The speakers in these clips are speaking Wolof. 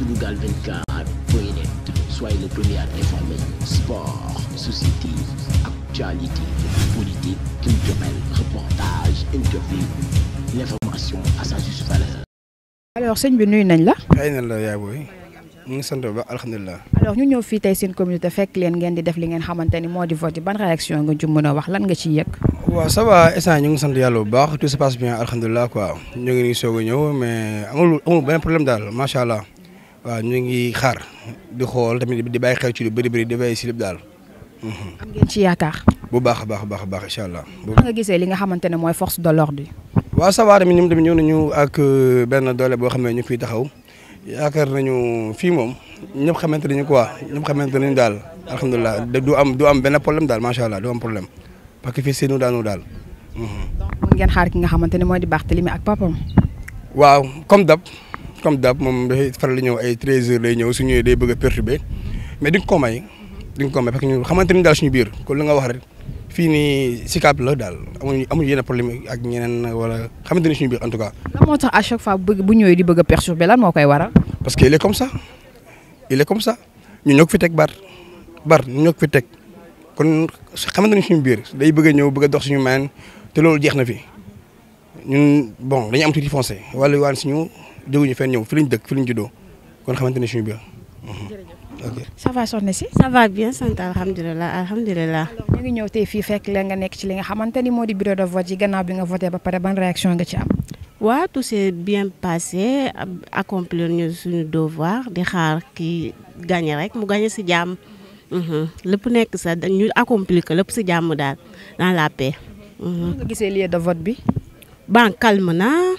Sunugal 24 sa juste valeur. alors sëñ bi nuyu nañ la. xëy na la yaay booy. ñu ngi sant ba alhamdulilah. alors ñu ñëw fii tey seen communauté fekk leen ngeen di def li ngeen xamante ni moo di vote ban réaction nga ju mën wax lan nga ci yëg. waaw ça instant ñu ngi sant yàlla bu baax tout se passe bien alhamdulilah quoi ñu ngi nii ñëw mais amul amul benn problème daal macha allah. waaw ñu ngi xaar di xool tamit di bàyyi xew ci lu bëri bëri di bàyyi si lépp daal. am ngeen ci yaakaar. bu baax a baax a baax incha allah. nga gisee li nga xamante ne mooy force de l'ordre. waaw ça va tamit ñoom tamit ñëw nañu ak euh, benn dole boo xam ne ñu fiy taxaw yaakaar nañu fii moom ñëpp xamante nañu quoi ñëpp xamante nañu daal alhamdulilah du am du am benn problème daal macha allah du am problème parce que fii seenu daanu daal. donc ngeen xaar ki nga xamante ne mooy di Barthélémy ak papam waaw comme d'hab comme d'hab moom dafay faral ñëw ay treize heures lay ñëw su ñëwee day bëgg a perturber mais di nga ko may parce que xamante ni daal suñu biir kon li nga wax rek fii nii Sicap la daal amuñu amuñu yenn problème ak ñeneen wala xamante ni suñu biir en tout cas. moo tax à chaque fois bu ñëwee di bëgg a perturber lan moo parce que il est comme ça ñu ñoo ko fi teg bar bar ñu ñoo ko fi teg kon xamante suñu biir day bëgg a ñëw bëgg a dox suñu maan te loolu jeex na fi ñun bon dañu am tuuti foncé wala waan ñu jóguñu fenn ñëw fi lañ dëkk fi lañ juddoo kon xamante ne suñu biir. ok ça va soxna si. ça va bien sant alhamdulilah alhamdulilah. alors ñu ñëw tey fii fekk la nga nekk ci li nga xamante ni moo di bureau de vote yi gannaaw bi nga voté ba pare ban réaction nga ci am. waaw tout s'est bien passé accomplir ñu suñu devoir di xaar ki gagné rek mu gagné si jàmm. Mhm. lépp nekk sa ñu accomplir ko lépp si jàmm daal dans la paix. Mhm. nga gisee lieu de vote bi. ban calme na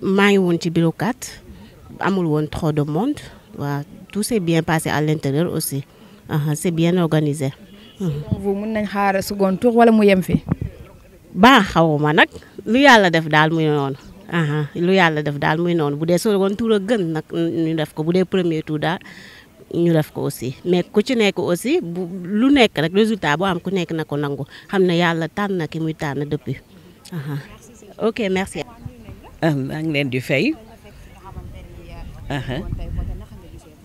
maa ngi woon ci bureau 4 amul woon trop de monde waaw tout s'est bien passé à l'intérieur aussi c'est bien organisé. donc mën nañ xaar second tour wala mu yem fi. ba xawuma nag lu yàlla def daal muy noonu. lu yàlla def daal muy noonu bu dee second tour a gën nag ñu def ko bu dee premier tour daal ñu def ko aussi mais ku ci nekk aussi bu lu nekk rek résultat boo am ku nekk na ko nangu xam na yàlla tànn na ki muy tànn depuis. ok merci. Ah, maa leen di fay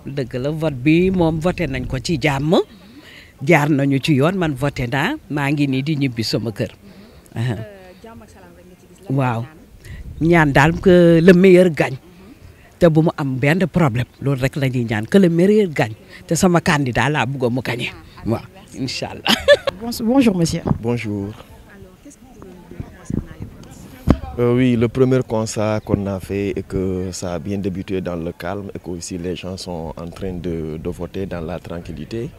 dëgg la vot bi moom vote nañ ko ci jàmm jaar nañu ci yoon man vote naa maa ngi nii di ñibbi sama kër waaw ñaan daal que le meilleur gagne te bu mu am benn problème loolu rek la ñuy ñaan que le meilleur gagne te sama candidat laa bëggoon mu gagné waaw incha bonjour monsieur. Euh, oui, le premier constat qu'on a fait est que ça a bien débuté dans le calme et que aussi les gens sont en train de, de voter dans la tranquillité.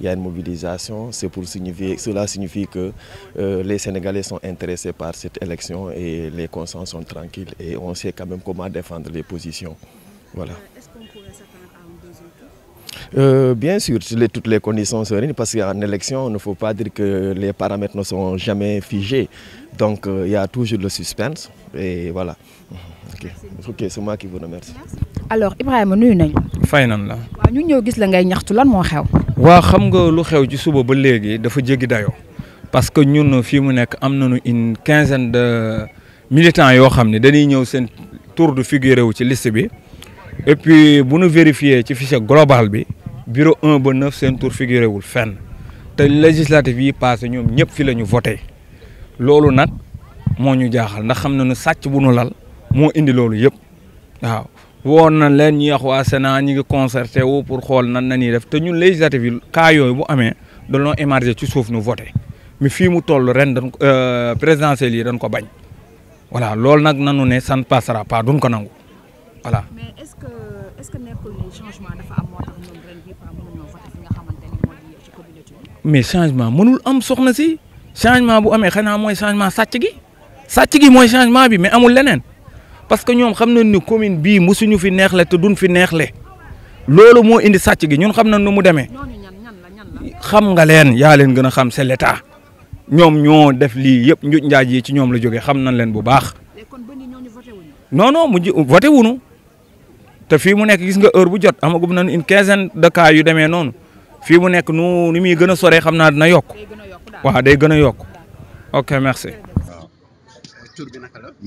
Il y a une mobilisation, c'est pour signifier, cela signifie que euh, les Sénégalais sont intéressés par cette élection et les consciences sont tranquilles et on sait quand même comment défendre les positions. Voilà. Euh, est-ce qu'on pourrait s'attendre Euh, bien sûr, les, toutes les conditions sont réunies parce qu'en élection, il ne faut pas dire que les paramètres ne sont jamais figés. Donc, euh, il toujours le suspense. Et voilà. Ok, okay c'est moi qui nuyu nañu. fay nan la. waaw ñu ñëw gis la ngay ñaxtu lan moo xew. waa xam nga lu xew ci suba ba léegi dafa jéggi dayo parce que ñun fii mu nekk am nañu une quinzaine de militants yoo xam ne dañuy ñëw seen tour de figure ci list bi et puis bu nu vérifier ci fichier global bi. bureau un ba 9 seen tour figuré wul fenn te législative yi passé ñoom ñëpp fi la ñu voté loolu nag moo ñu jaaxal ndax xam na ne sàcc bu nu lal moo indi loolu yëpp waaw woon na leen ñuy wax waa ñi ngi concerté wu pour xool nan na ñuy def te ñun législative yi cas yooyu bu amee dañoo émarger ci suuf nu voté mi fii mu toll ren dañ euh, présidentielles yi dañ ko bañ voilà loolu nag nanu ne ça ne passera pas duñ ko nangu voilà mais ce que est changement dafa am mënul am soxna si changement bu amee xanaa mooy changement sàcc gi sàcc gi mooy changement bi mais amul leneen parce que ñoom xam nañ ni commune bii mosuñu fi neexle te duñ fi neexle loolu moo indi sàcc gi ñun xam nañ nu mu demee xam nga leen yaa leen gën a xam c'est l'état ñoom ñoo def lii yëpp njuj njaaj yi ci ñoom la jógee xam nañ leen bu baax non non mu voté te fii mu nekk gis nga heure bu jot amagum nañu une quinzaine de cas yu demee noonu fii mu nekk nu ni muy gën a soree xam naa dina yokk waaw day gën a yokk ok merci. tur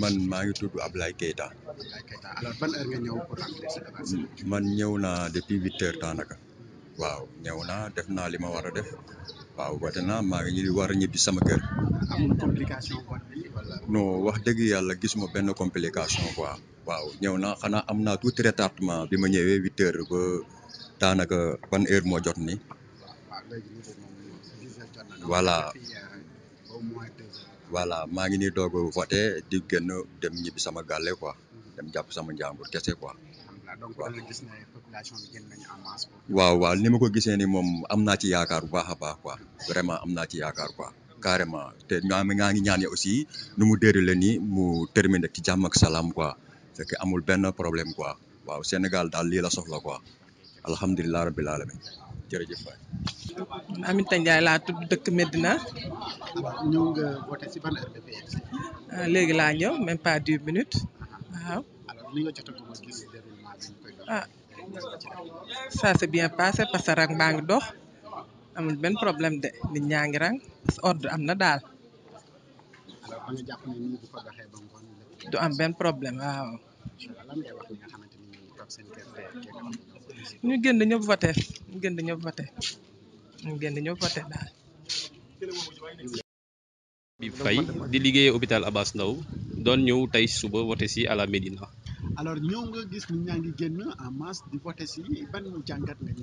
man maa ngi tudd Ablaye Keita. Ablaye Keita hmm, ñëw naa depuis huit waaw ñëw naa def naa li ma war a def waaw wate naa maa ngi ñu war a ñibbi sama kër. amul complication wax dëgg yàlla gisuma benn complication quoi. waaw ñëw naa xanaa am naa tuuti retardement bi ma ñëwee huit heures ba daanaka ban heure moo jot ni voilà voilà maa ngi ni doog a voté di génn dem ñibbi sama gàlle quoi dem jàpp sama njàmbur kese quoi. waaw waaw ni ma ko gisee ni moom am naa ci yaakaar bu baax a baax quoi vraiment am naa ci yaakaar quoi carrément te ñaa ngi ñaan aussi nu mu déroulé nii mu terminé ci jàmm ak salaam quoi. amul benn problème quoi waaw Sénégal daal lii la soxla quoi alhamdulilah rabbil alamin jërëjëf waay. Aminta Ndiaye laa dëkk Medina. ñëw nga voté euh, laa ñëw même pas dix minutes a gis déroulement bi ah ça s'est bien passé parce que rang baa ngi dox amul benn problème de nit ñaa ordre am na daal. du am benn problème waaw. ñu génn ñëpp voté ñu génn ñëpp voté ñu génn ñëpp voté daal. bi fay di liggéeyee hôpital Abass ndaw doon ñëw tey suba voté si àlla la Médina. alors ñëw gis nit ngi génn en masse di si ban jàngat nga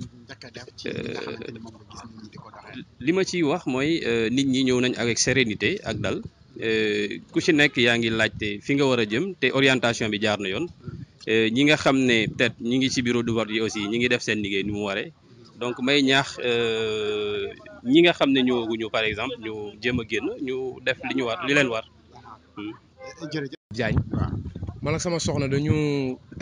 li ma ciy wax mooy euh, nit ñi ñëw nañ avec sérénité ak dal. Euh, ku ci nekk yaa ngi laajte fi nga war a jëm te orientation bi jaar na yoon euh, ñi nga xam ne peut-être ñi ngi ci bureau de vote yi aussi ñi ngi def seen liggéey ni mu waree donc may ñaax euh, ñi nga xam ne ñëwaguñu par exemple ñu jéem a génn ñu def li ñu war li leen war. Hmm. jërëjëf Diagne man ak sama soxna dañu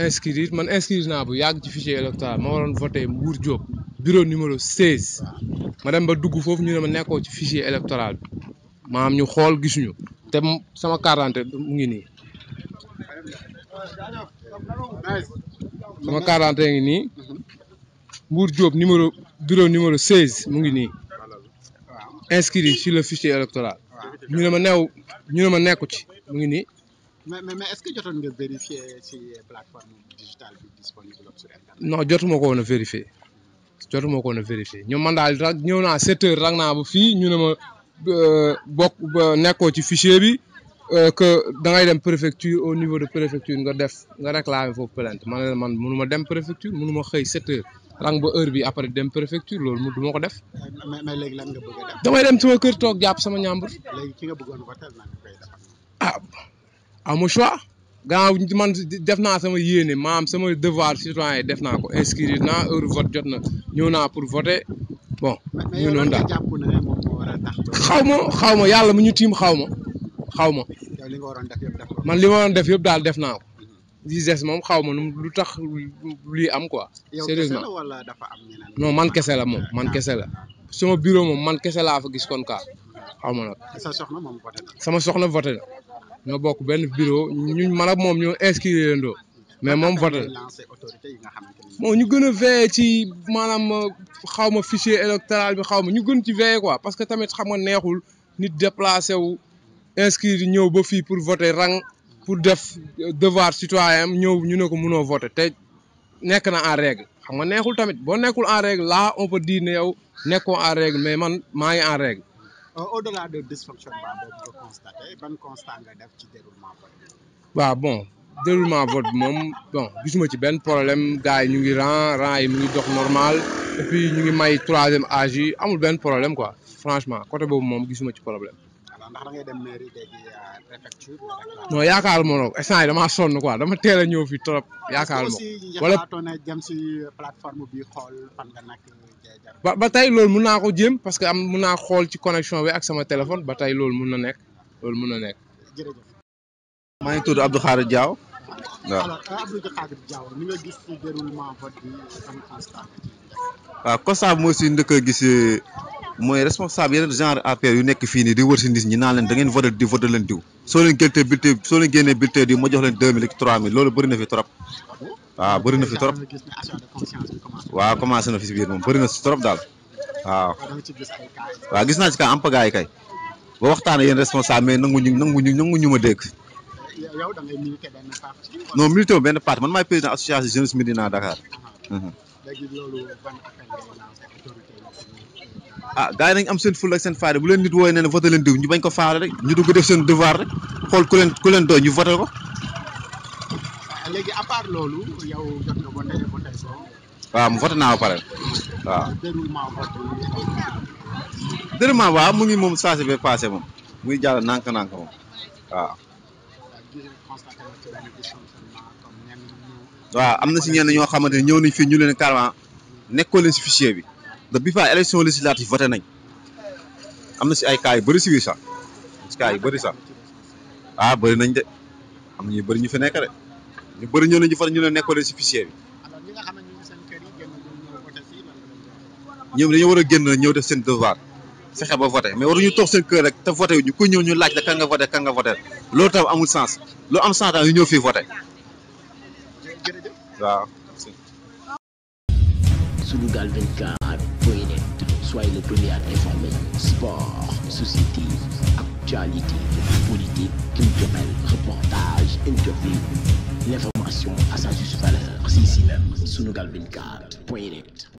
inscrire man inscrire naa bu yàgg ci fichier électoral ma waroon voté Mbour Diop bureau numéro 16 ma dem ba dugg foofu ñu ne ma nekkoo ci fichier électoral bi. maanaam ñu xool gisuñu te sama quarante mu ngi nii sama quarante ngi nii Mbour Diop numéro bureau numéro 16 mu ngi nii inscrit sur le électoral ñu ne ma neew ñu ne ma nekku ci mu ngi nii mais mais est-ce ko woon a vérifier jotuma ko woon a vérifier ñoom man daal ñëw naa 7 heures rang naa fii ñu ne ma. bokk nekkoo ci fichier bi euh, que da dem préfecture au niveau de préfecture nga def nga réclamer foofu plainte man la man mënu ma dem préfecture mënu ma xëy 7 heures rang ba heure bi après dem préfecture loolu du ma ko def. mais mais léegi nga bëgg damay dem suma kër toog jàpp sama ñàmbur. léegi ki nga bëggoon voter nan nga koy def. ah amu choix. gannaaw man def naa sama yéene maam sama devoir citoyen def naa ko inscrire naa heure vote jot na ñëw naa pour voter bon. ñu noonu daal xaw ma xaw ma yàlla mu ñu tiim xaw ma xaw ma man li ma waroon def yëpp daal def naa ko li moom xaw ma lu tax lii am ko quoi sérieusement non man kese la moom man kese la sama bureau moom man kese laa fa gis kon kaa xaw ma nag sama soxna voté na ñoo benn bureau ñu man moom ñoo inscrire mais moom voté moo ñu gën a ci maanaam euh, xaw ma fichier électoral bi xaw ma ñu gën ci veillé quoi parce que tamit xam nga neexul ni déplacé wu inscrire ñëw ba fii pour voter rang pour def euh, devoir citoyen am ñëw ñu ne ko mënoo voter te nekk na en règle xam nga neexul tamit boo nekkul en règle la on peut dire ne yow nekkoo en règle mais man maa ngi en règle. Euh, au-delà de nga constaté bon déroulement vote moom bon gisuma ci benn problème gars yi ñu ngi rang rang yi mu ngi dox normal et puis ñu ngi may troisième âge amul benn problème quoi franchement côté boobu moom gisuma ci problème. ndax da ngay dem mairie euh, yaakaar ma no instant yi damaa sonn quoi dama teel a ñëw fi trop. yaakaar ma wala jëm si plateforme bi xool fan ba ba tey loolu mun naa ko jéem parce que am mun naa xool ci connexion bi ak sama téléphone ba tey loolu mun na nekk loolu mun na nekk. jërëjëf. maa ngi tudd Abdou Khadir Diaw. waaw alors euh, Abdou Khadir Diaw mooy si njëkk a gis euh, mooy responsable yeneen genre APR yu nekk fii nii di wër si nit ñi naan leen da ngeen voté di leen diw. soo leen gëltee bulletin soo leen génnee bulletin ma jox leen deux mille ak trois mille loolu bëri na fi trop. waaw bëri na fi trop waa commencé na fi si biir moom bëri na si trop daal waaw. waaw gis naa si ka am pagaay kay ba waxtaanee yéen responsable mais nanguñu nanguñu ma dégg. yow da ngay milité benn parti. non milité benn parti man maay président association jeunesse Médina Dakar. Mhm. ah gars am seen ful ak seen faayda bu leen nit wooyee ne ne leen diw ñu bañ ko faale rek ñu dugg def seen devoir rek xool ku leen ku leen doy ko. Ah, ko. waaw mu voté naa ba pare waaw. déroulement vote waaw mu ngi moom saa si bee paase moom muy jàll nànk-nànk moom waaw. waaw am na si ñeen ñoo xamante ne ñëw nañ fii ñu leen carrément nekkoon leen si fichier bi de bi fa élection législative voté nañ am na si ay cas yu bëri si biir sax si bari sax ah bëri nañ de am na ñu bëri ñu fi nekk de ñu bëri ñëw nañ fa ñu leen nekkoon leen si fichier bi. ñoom dañoo war a génn ñëw def seen devoir. fexe ba voté mais waruñu toog seen kër rek te voté yu ñu ko ñëw ñu laaj la kan nga voté kan nga voté loolu tam amul sens lu am sens daal yu ñëw fii voté waaw. Sunugal 24 point net soyez le premier à informer sport société actualité reportage interview l'information à sa juste valeur c'est ici même Sunugal 24 point net